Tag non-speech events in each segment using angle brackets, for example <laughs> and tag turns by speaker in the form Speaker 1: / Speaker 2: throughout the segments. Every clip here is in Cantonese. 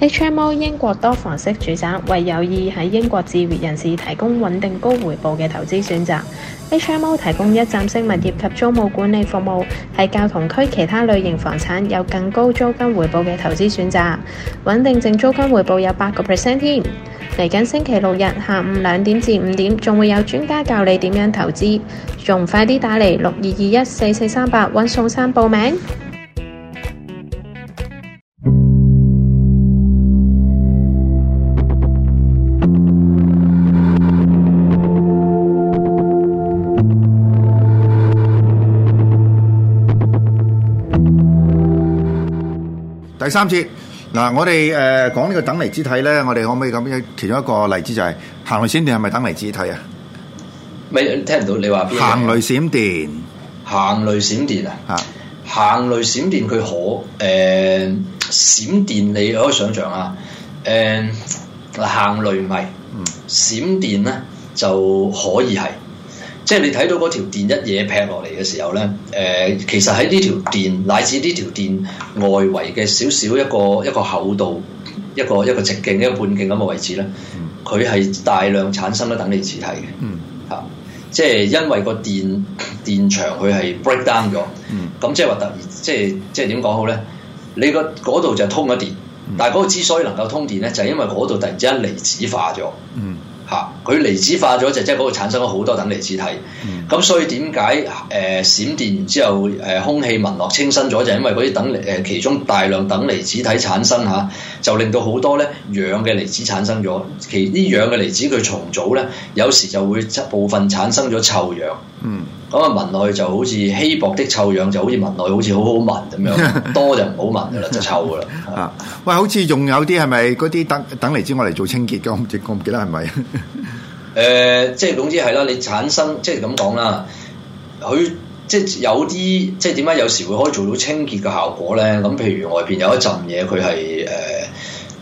Speaker 1: HMO 英國多房式住宅為有意喺英國置業人士提供穩定高回報嘅投資選擇。HMO 提供一站式物業及租務管理服務，係教同區其他類型房產有更高租金回報嘅投資選擇，穩定性租金回報有八個 percent 添。嚟緊星期六日下午兩點至五點，仲會有專家教你點樣投資，仲快啲打嚟六二二一四四三八揾宋生報名。
Speaker 2: 第三節，嗱，我哋誒、呃、講呢個等離子體咧，我哋可唔可以咁樣？其中一個例子就係、是、行雷閃電係咪等離子體啊？
Speaker 1: 未，聽唔到你話，行雷閃電，行雷閃電啊！啊！行雷閃電佢可誒、呃、閃電，你可以想像啊！誒、呃，行雷唔係閃電咧，就可以係。即係你睇到嗰條電一嘢劈落嚟嘅時候咧，誒、呃，其實喺呢條電乃至呢條電外圍嘅少少一個一個厚度、一個一個直徑、一個半徑咁嘅位置咧，佢係大量產生咗等離子體嘅。嚇、嗯啊，即係因為個電電場佢係 break down 咗，咁、嗯、即係話突然即係即係點講好咧？你個嗰度就通咗電，嗯、但係嗰個之所以能夠通電咧，就係、因為嗰度突然之間離子化咗。嗯。嚇，佢離子化咗就即係嗰度產生咗好多等離子體，咁、嗯、所以點解誒閃電之後誒、呃、空氣聞落清新咗就係、是、因為嗰啲等誒、呃、其中大量等離子體產生嚇，就令到好多咧氧嘅離子產生咗，其呢氧嘅離子佢重組咧有時就會部分產生咗臭氧。嗯。咁啊，聞落去就好似稀薄的臭氧，就好似聞落去好似好好聞咁樣， <laughs> 多就唔好聞噶啦，就臭噶啦。啊，
Speaker 2: <laughs> 喂，好似仲有啲係咪嗰啲等等嚟之我嚟做清潔噶？我唔知，我唔記得係咪？
Speaker 1: 誒、 <laughs> 呃，即係總之係啦，你產生即係咁講啦，佢即係有啲即係點解有時會可以做到清潔嘅效果咧？咁譬如外邊有一陣嘢，佢係誒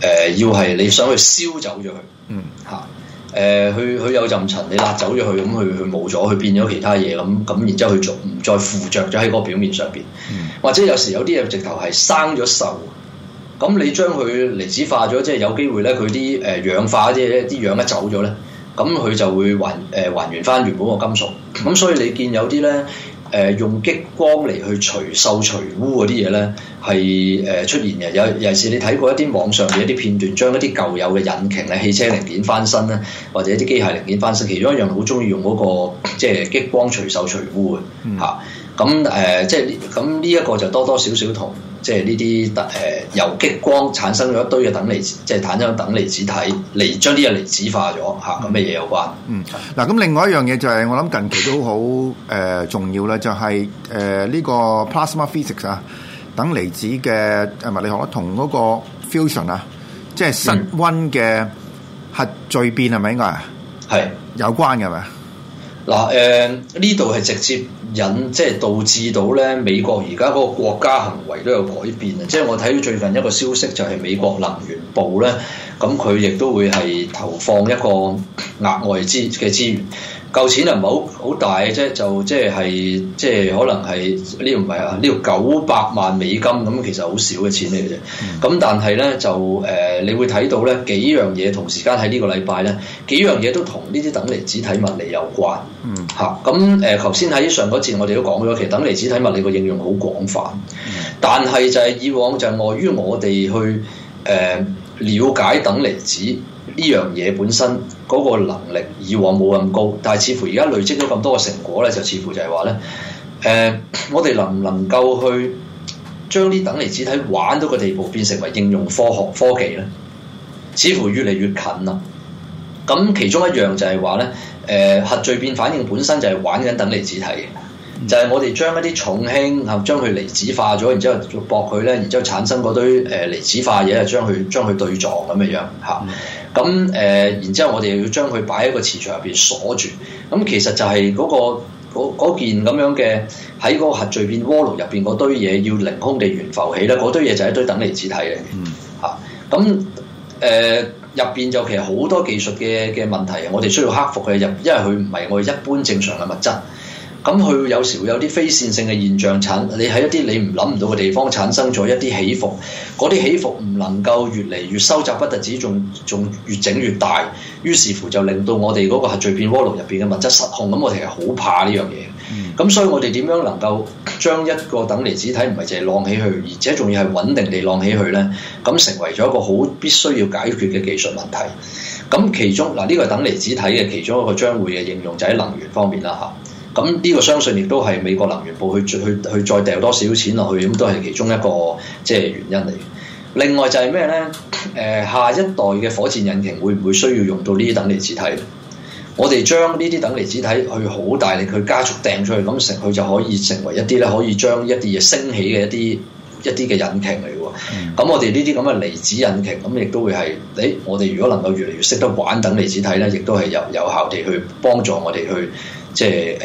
Speaker 1: 誒要係你想去燒走咗佢，嗯嚇。誒，佢佢、呃、有浸塵，你甩走咗佢，咁佢佢冇咗，佢變咗其他嘢咁，咁然之後佢再唔再附着咗喺個表面上邊？或者有時有啲嘢直頭係生咗鏽，咁你將佢離子化咗，即係有機會咧，佢啲誒氧化啲嘢啲氧一走咗咧，咁佢就會還誒、呃、還原返原本個金屬。咁所以你見有啲咧誒用激光嚟去除鏽除污嗰啲嘢咧。係誒、呃、出現嘅，有尤其是你睇過一啲網上嘅一啲片段，將一啲舊有嘅引擎咧、汽車零件翻新咧，或者一啲機械零件翻新。其中一樣好中意用嗰、那個即係激光除鏽除污嘅嚇。咁誒、嗯啊呃，即係咁呢一個就多多少少同即係呢啲誒由激光產生咗一堆嘅等離子，即係產生等離子體嚟將呢個離子化咗嚇咁嘅嘢有關。嗯，
Speaker 2: 嗱咁另外一樣嘢就係、是、我諗近期都好誒、呃、重要啦、就是，就係誒呢個 plasma physics 啊。等離子嘅物理學同嗰個 fusion 啊，即係室溫嘅核聚變係咪應該係是有關嘅咪？嗱誒，呢度係直接
Speaker 1: 引即係、就是、導致到咧美國而家嗰個國家行為都有改變啊！即、就、係、是、我睇到最近一個消息就係、是、美國能源部咧，咁佢亦都會係投放一個額外資嘅資源。嚿錢就唔好好大嘅啫，就即係即係可能係呢度唔係啊，呢度九百萬美金咁，其實好少嘅錢嚟嘅啫。咁、嗯、但係咧就誒、呃，你會睇到咧幾樣嘢同時間喺呢個禮拜咧，幾樣嘢都同呢啲等離子體物理有關。嗯、啊，嚇咁誒，頭先喺上嗰節我哋都講咗，其實等離子體物理個應用好廣泛，嗯、但係就係以往就係礙於我哋去誒、呃、了解等離子。呢樣嘢本身嗰個能力以往冇咁高，但係似乎而家累積咗咁多嘅成果咧，就似乎就係話咧，誒、呃，我哋能唔能夠去將啲等離子體玩到個地步，變成為應用科學科技咧？似乎越嚟越近啦。咁其中一樣就係話咧，誒、呃，核聚變反應本身就係玩緊等離子體嘅，就係、是、我哋將一啲重氫嚇，將佢離子化咗，然之後駁佢咧，然之後產生嗰堆誒離、啊、子化嘢，將佢將佢對撞咁嘅樣嚇。啊啊。咁誒、呃，然之後我哋又要將佢擺喺個磁場入邊鎖住。咁其實就係嗰、嗰個、件咁樣嘅，喺嗰個核聚變鍋爐入邊嗰堆嘢，要凌空地懸浮起咧。嗰堆嘢就係一堆等離子體嚟嘅嚇。咁誒入邊就其實好多技術嘅嘅問題，我哋需要克服嘅入，因為佢唔係我哋一般正常嘅物質。咁佢有時會有啲非線性嘅現象產生，你喺一啲你唔諗唔到嘅地方產生咗一啲起伏，嗰啲起伏唔能夠越嚟越收窄，不單止仲仲越整越大，於是乎就令到我哋嗰個核聚變鍋爐入邊嘅物質失控，咁我哋係好怕呢樣嘢。咁、嗯、所以我哋點樣能夠將一個等離子體唔係淨係浪起去，而且仲要係穩定地浪起去呢？咁成為咗一個好必須要解決嘅技術問題。咁其中嗱，呢個等離子體嘅其中一個將會嘅應用就喺能源方面啦，嚇。咁呢個相信亦都係美國能源部去去去再掉多少錢落去咁，都係其中一個即係原因嚟。另外就係咩呢？誒、呃，下一代嘅火箭引擎會唔會需要用到呢啲等離子體？我哋將呢啲等離子體去好大力去加速掟出去咁成，佢就可以成為一啲咧可以將一啲嘢升起嘅一啲一啲嘅引擎嚟嘅。咁、嗯、我哋呢啲咁嘅離子引擎咁亦都會係誒、哎，我哋如果能夠越嚟越識得玩等離子體呢亦都係有有效地去幫助我哋去。即係誒，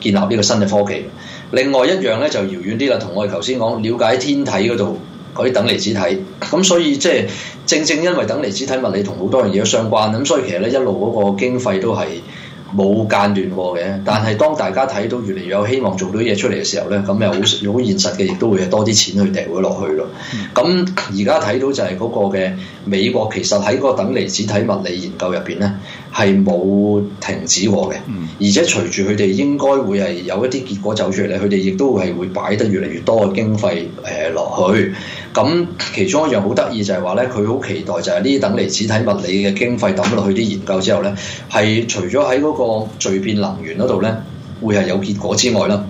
Speaker 1: 建立呢個新嘅科技。另外一樣咧就遙遠啲啦，同我哋頭先講了解天體嗰度嗰啲等離子體。咁所以即係、就是、正正因為等離子體物理同好多樣嘢都相關，咁所以其實咧一路嗰個經費都係冇間斷過嘅。但係當大家睇到越嚟越有希望做到嘢出嚟嘅時候咧，咁又好又好現實嘅，亦都會係多啲錢去掉咗落去咯。咁而家睇到就係嗰個嘅美國其實喺個等離子體物理研究入邊咧。係冇停止過嘅，嗯、而且隨住佢哋應該會係有一啲結果走出嚟，佢哋亦都係會擺得越嚟越多嘅經費誒落、呃、去。咁其中一樣好得意就係話，呢佢好期待就係呢等離子體物理嘅經費抌落去啲研究之後，呢係除咗喺嗰個聚變能源嗰度呢會係有結果之外啦，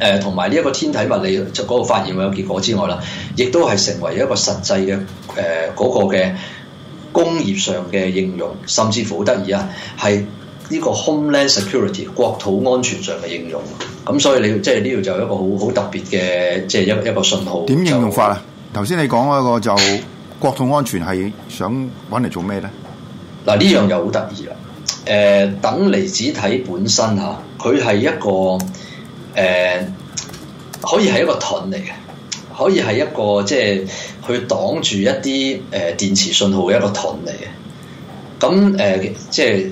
Speaker 1: 誒同埋呢一個天體物理即係嗰個發現會有結果之外啦，亦都係成為一個實際嘅誒嗰個嘅。工業上嘅應用，甚至乎好得意啊，係呢個 Homeland Security 國土安全上嘅應用。咁所以你即係呢度就一個好好特別嘅，即係一
Speaker 2: 一個信號。點應用法啊？頭先就你講嗰個就國土安全係想揾嚟做咩咧？嗱呢樣又好得意啊！誒、呃，等離子體本身嚇，佢係一個
Speaker 1: 誒、呃，可以係一個盾嚟嘅。可以係一個即係去擋住一啲誒、呃、電磁信號嘅一個盾嚟嘅。咁誒、呃、即係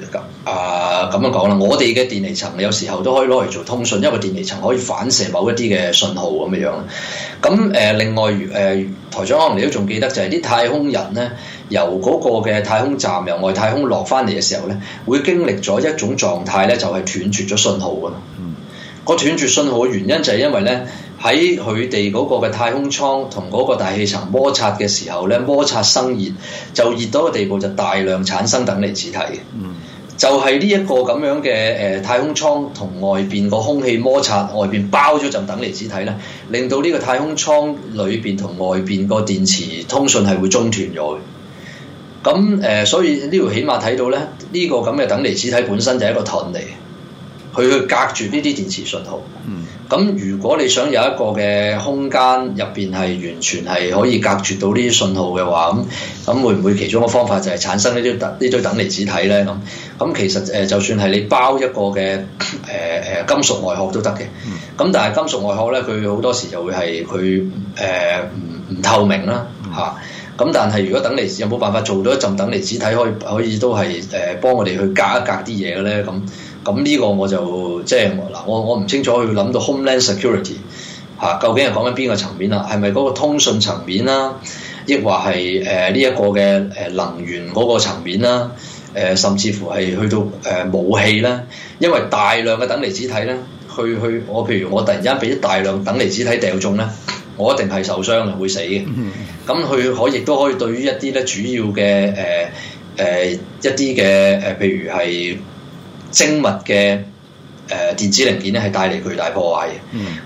Speaker 1: 啊咁樣講啦，我哋嘅電離層有時候都可以攞嚟做通訊，因為電離層可以反射某一啲嘅信號咁嘅樣。咁誒、呃、另外誒、呃、台長，可能你都仲記得就係啲太空人咧，由嗰個嘅太空站由外太空落翻嚟嘅時候咧，會經歷咗一種狀態咧，就係、是、斷絕咗信號噶啦。嗯、那，個斷絕信號嘅原因就係因為咧。喺佢哋嗰個嘅太空艙同嗰個大氣層摩擦嘅時候咧，摩擦生熱，就熱到個地步就大量產生等離子體。嗯，就係呢一個咁樣嘅誒、呃、太空艙同外邊個空氣摩擦，外邊包咗陣等離子體咧，令到呢個太空艙裏邊同外邊個電池通訊係會中斷咗嘅。咁誒、呃，所以呢條起碼睇到咧，呢、這個咁嘅等離子體本身就係一個盾嚟，佢去隔住呢啲電池信號。嗯。咁如果你想有一個嘅空間入邊係完全係可以隔絕到呢啲信號嘅話，咁咁會唔會其中一個方法就係產生呢啲等呢啲等離子體呢？咁咁其實誒，就算係你包一個嘅誒誒金屬外殼都得嘅，咁但係金屬外殼呢，佢好多時就會係佢誒唔唔透明啦嚇。咁、啊、但係如果等離子有冇辦法做到一浸等離子體可，可以可以都係誒幫我哋去隔一隔啲嘢呢？咁？咁呢個我就即係嗱，我我唔清楚佢諗到 Homeland Security 嚇、啊，究竟係講緊邊個層面啦、啊？係咪嗰個通訊層面啦、啊？亦或係誒呢一個嘅誒能源嗰個層面啦、啊？誒、呃、甚至乎係去到誒、呃、武器咧，因為大量嘅等離子體咧，去去我譬如我突然間俾大量等離子體掉中咧，我一定係受傷嘅，會死嘅。咁佢可亦都可以對於一啲咧主要嘅誒誒一啲嘅誒，譬、呃、如係。精密嘅誒電子零件咧，係帶嚟巨大破壞嘅。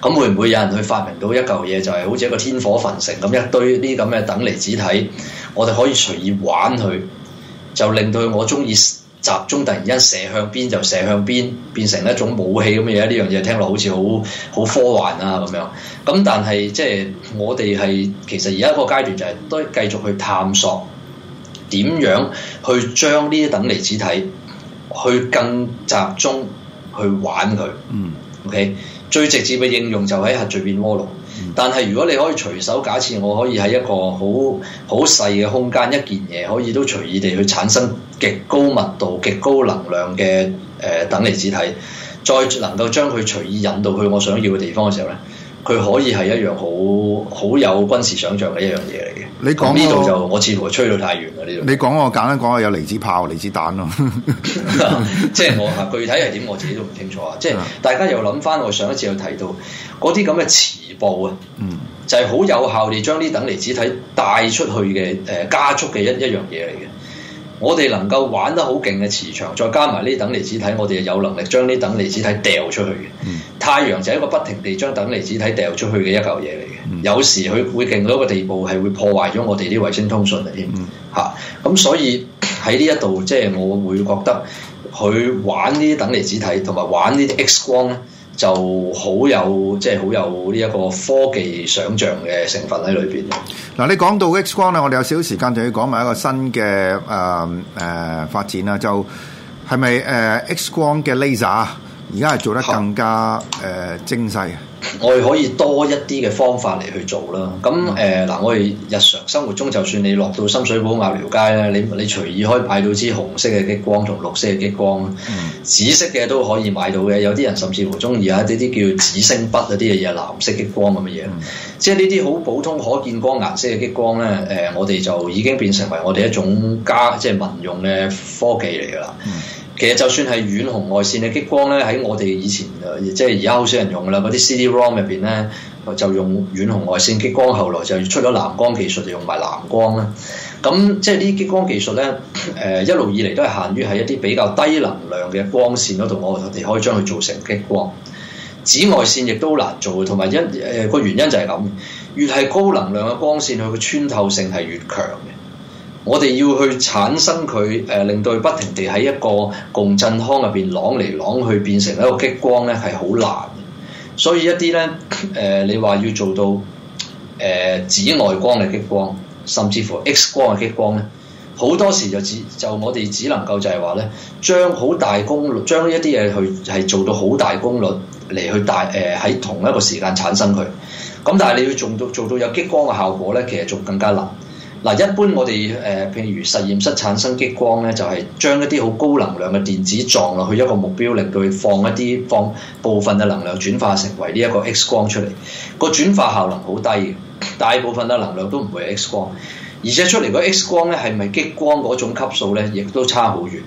Speaker 1: 咁、嗯、會唔會有人去發明到一嚿嘢，就係、是、好似一個天火焚城咁，一堆呢啲咁嘅等離子體，我哋可以隨意玩佢，就令到我中意集中突然間射向邊就射向邊，變成一種武器咁嘅嘢。呢樣嘢聽落好似好好科幻啊咁樣。咁但係即係我哋係其實而家個階段就係都繼續去探索點樣去將呢啲等離子體。去更集中去玩佢，嗯，OK，最直接嘅應用就喺核聚變鍋爐。嗯、但係如果你可以隨手假設我可以喺一個好好細嘅空間，一件嘢可以都隨意地去產生極高密度、極高能量嘅誒、呃、等離子體，再能夠將佢隨意引到去我想要嘅地方嘅時候呢。佢可以係一樣好好有軍事想像嘅一樣嘢嚟嘅。你講呢度就我似乎吹到太遠啦
Speaker 2: 呢度。你講我簡單講下有離子炮、離子彈咯， <laughs> <laughs>
Speaker 1: <laughs> 即係我啊，具體係點我自己都唔清楚啊。即係大家又諗翻我上一次有提到嗰啲咁嘅磁暴啊，嗯、就係好有效地將呢等離子體帶出去嘅誒、呃、加速嘅一一樣嘢嚟嘅。我哋能夠玩得好勁嘅磁場，再加埋呢等離子體，我哋有能力將呢等離子體掉出去嘅。嗯、太陽就係一個不停地將等離子體掉出去嘅一嚿嘢嚟嘅。嗯、有時佢會勁到一個地步，係會破壞咗我哋啲衛星通訊嘅添嚇。咁、嗯啊、所以喺呢一度，即係我會覺得佢玩呢等離子體同埋玩呢啲 X 光咧。就好有即係好有呢一個科技想象嘅成分喺裏邊。
Speaker 2: 嗱，你講到 X 光咧，我哋有少少時間就要講埋一個新嘅誒誒發展啦。就係咪誒 X 光嘅 Laser 而家係做得更加誒好、呃、精細？
Speaker 1: 我哋可以多一啲嘅方法嚟去做啦。咁誒嗱，我哋日常生活中，就算你落到深水埗鴨寮街咧，你你隨意可以買到支紅色嘅激光同綠色嘅激光，嗯、紫色嘅都可以買到嘅。有啲人甚至乎中意啊呢啲叫紫星筆嗰啲嘅嘢，藍色激光咁嘅嘢。嗯、即係呢啲好普通可見光顏色嘅激光咧，誒、呃，我哋就已經變成為我哋一種家即係、就是、民用嘅科技嚟噶啦。嗯其實就算係遠紅外線嘅激光咧，喺我哋以前，即係而家好少人用啦。嗰啲 CD-ROM 入邊咧，就用遠紅外線激光。後來就出咗藍光技術，就用埋藍光啦。咁即係啲激光技術咧，誒、呃、一路以嚟都係限於喺一啲比較低能量嘅光線嗰度，我哋可以將佢做成激光。紫外線亦都難做，同埋一誒個原因就係咁，越係高能量嘅光線，佢嘅穿透性係越強嘅。我哋要去產生佢，誒、呃、令到佢不停地喺一個共振腔入邊攞嚟攞去，變成一個激光咧，係好難。所以一啲咧，誒、呃、你話要做到誒、呃、紫外光嘅激光，甚至乎 X 光嘅激光咧，好多時就只就我哋只能夠就係話咧，將好大功率將一啲嘢去係做到好大功率嚟去大誒喺、呃、同一個時間產生佢。咁但係你要做到做到有激光嘅效果咧，其實仲更加難。嗱，一般我哋誒，譬如實驗室產生激光咧，就係將一啲好高能量嘅電子撞落去一個目標，令到佢放一啲放部分嘅能量轉化成為呢一個 X 光出嚟。個轉化效能好低嘅，大部分嘅能量都唔會 X 光，而且出嚟個 X 光咧係咪激光嗰種級數咧，亦都差好遠。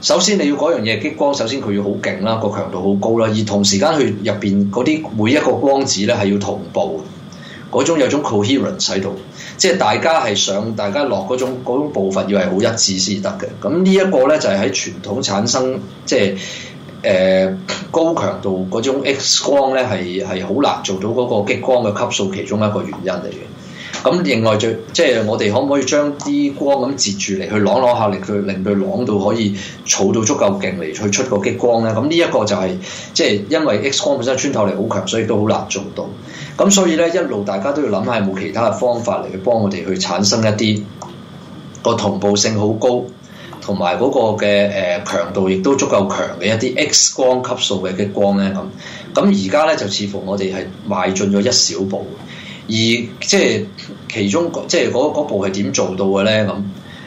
Speaker 1: 首先你要嗰樣嘢激光，首先佢要好勁啦，個強度好高啦，而同時間佢入邊嗰啲每一個光子咧係要同步。嗰種有種 coherence 喺度，即係大家係上，大家落嗰種嗰種部分要係好一致先得嘅。咁呢一個咧就係、是、喺傳統產生，即係誒、呃、高強度嗰種 X 光咧係係好難做到嗰個激光嘅級數，其中一個原因嚟嘅。咁另外最即係我哋可唔可以將啲光咁截住嚟去攞攞下嚟，去朗朗令佢攞到可以儲到足夠勁嚟去出個激光咧？咁呢一個就係、是、即係因為 X 光本身穿透力好強，所以都好難做到。咁所以咧一路大家都要諗下有冇其他嘅方法嚟去幫我哋去產生一啲個同步性好高，同埋嗰個嘅誒強度亦都足夠強嘅一啲 X 光級數嘅激光咧。咁咁而家咧就似乎我哋係邁進咗一小步。而即係其中即係嗰嗰步係點做到嘅咧咁，誒、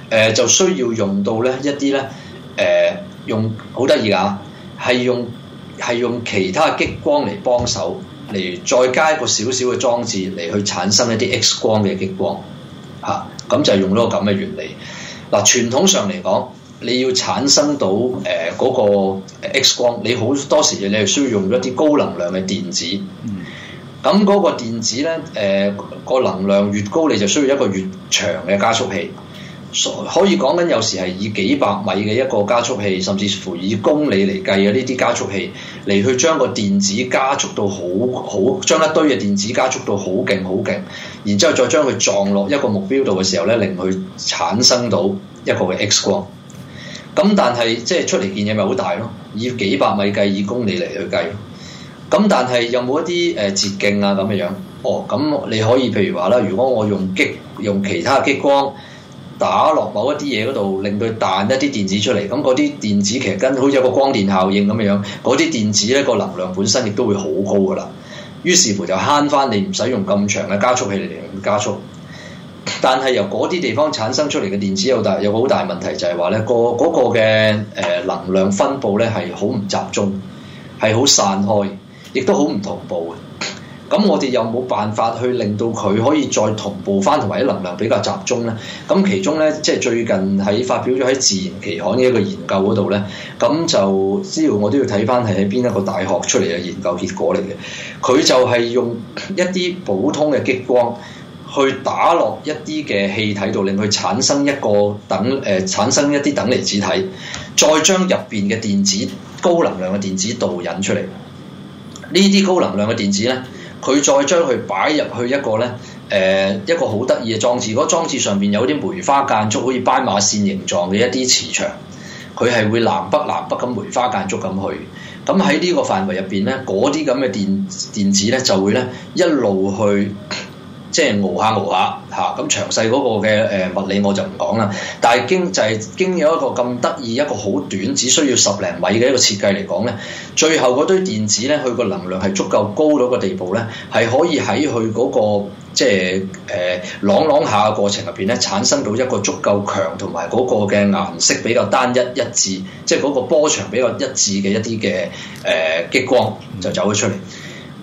Speaker 1: 呃、就需要用到咧一啲咧誒用好得意啊，係用係用其他激光嚟幫手嚟再加一個少少嘅裝置嚟去產生一啲 X 光嘅激光吓，咁、啊、就係用嗰個咁嘅原理。嗱、啊，傳統上嚟講，你要產生到誒嗰、呃嗰個 X 光，你好多時你係需要用一啲高能量嘅電子。咁嗰個電子咧，誒、呃、個能量越高，你就需要一個越長嘅加速器。可可以講緊有時係以幾百米嘅一個加速器，甚至乎以公里嚟計嘅呢啲加速器，嚟去將個電子加速到好好，將一堆嘅電子加速到好勁好勁，然之後再將佢撞落一個目標度嘅時候咧，令佢產生到一個嘅 X 光。咁但係即係出嚟件嘢咪好大咯？以幾百米計，以公里嚟去計。咁但係有冇一啲誒、呃、捷徑啊咁樣？哦，咁你可以譬如話啦，如果我用激用其他激光打落某一啲嘢嗰度，令佢彈一啲電子出嚟，咁嗰啲電子其實跟好似有個光電效應咁樣，嗰啲電子一、呢個能量本身亦都會好高噶啦。於是乎就慳翻你唔使用咁長嘅加速器嚟加速。但係由嗰啲地方產生出嚟嘅電子有大有個好大問題，就係話咧個嗰、嗰個嘅誒、呃、能量分布咧係好唔集中，係好散開。亦都好唔同步嘅，咁我哋又冇辦法去令到佢可以再同步翻，同埋啲能量比較集中咧？咁其中呢，即係最近喺發表咗喺《自然期刊》嘅、這、一個研究嗰度呢，咁就雖然我都要睇翻係喺邊一個大學出嚟嘅研究結果嚟嘅，佢就係用一啲普通嘅激光去打落一啲嘅氣體度，令佢產生一個等誒、呃、產生一啲等離子體，再將入邊嘅電子高能量嘅電子導引出嚟。呢啲高能量嘅電子呢，佢再將佢擺入去一個呢誒、呃、一個好得意嘅裝置，嗰、嗰個裝置上面有啲梅花間竹，好似斑馬線形狀嘅一啲磁場，佢係會南北南北咁梅花間竹咁去，咁喺呢個範圍入邊呢，嗰啲咁嘅電電子呢，就會呢一路去。 <coughs> 即係熬下熬下嚇，咁詳細嗰個嘅誒物理我就唔講啦。但係經濟經有一個咁得意一個好短，只需要十零米嘅一個設計嚟講咧，最後嗰堆電子咧，佢個能量係足夠高到個地步咧，係可以喺佢嗰個即係誒朗朗下嘅過程入邊咧，產生到一個足夠強同埋嗰個嘅顏色比較單一一致，即係嗰個波長比較一致嘅一啲嘅誒激光就走咗出嚟。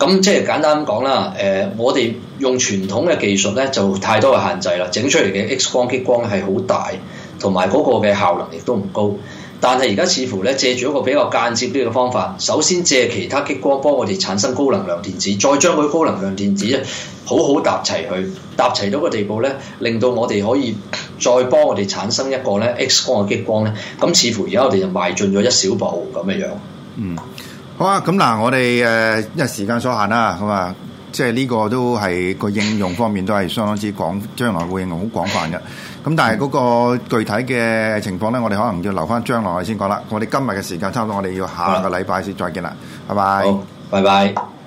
Speaker 1: 咁即係簡單咁講啦，誒，我哋用傳統嘅技術咧，就太多嘅限制啦，整出嚟嘅 X 光激光係好大，同埋嗰個嘅效能亦都唔高。但係而家似乎咧借住一個比較間接啲嘅方法，首先借其他激光幫我哋產生高能量電子，再將佢高能量電子咧好好搭齊佢。搭齊到個地步咧，令到我哋可以再幫我哋產生一個咧 X 光嘅激光咧。咁似乎而家我哋就邁進咗一小步咁嘅樣。嗯。
Speaker 2: 好啊，咁嗱，我哋誒，因為時間所限啦，咁、嗯、啊，即係呢個都係個應用方面都係相當之廣，將來會應用好廣泛嘅。咁但係嗰個具體嘅情況咧，我哋可能要留翻將來先講啦。我哋今日嘅時間差唔多，我哋要下個禮拜先再見啦好拜。拜拜，拜拜。